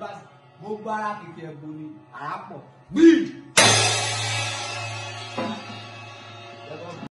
báwọn gbogbo ara kìkì ẹ̀bùn ni àràpọ̀ gbìyànjú.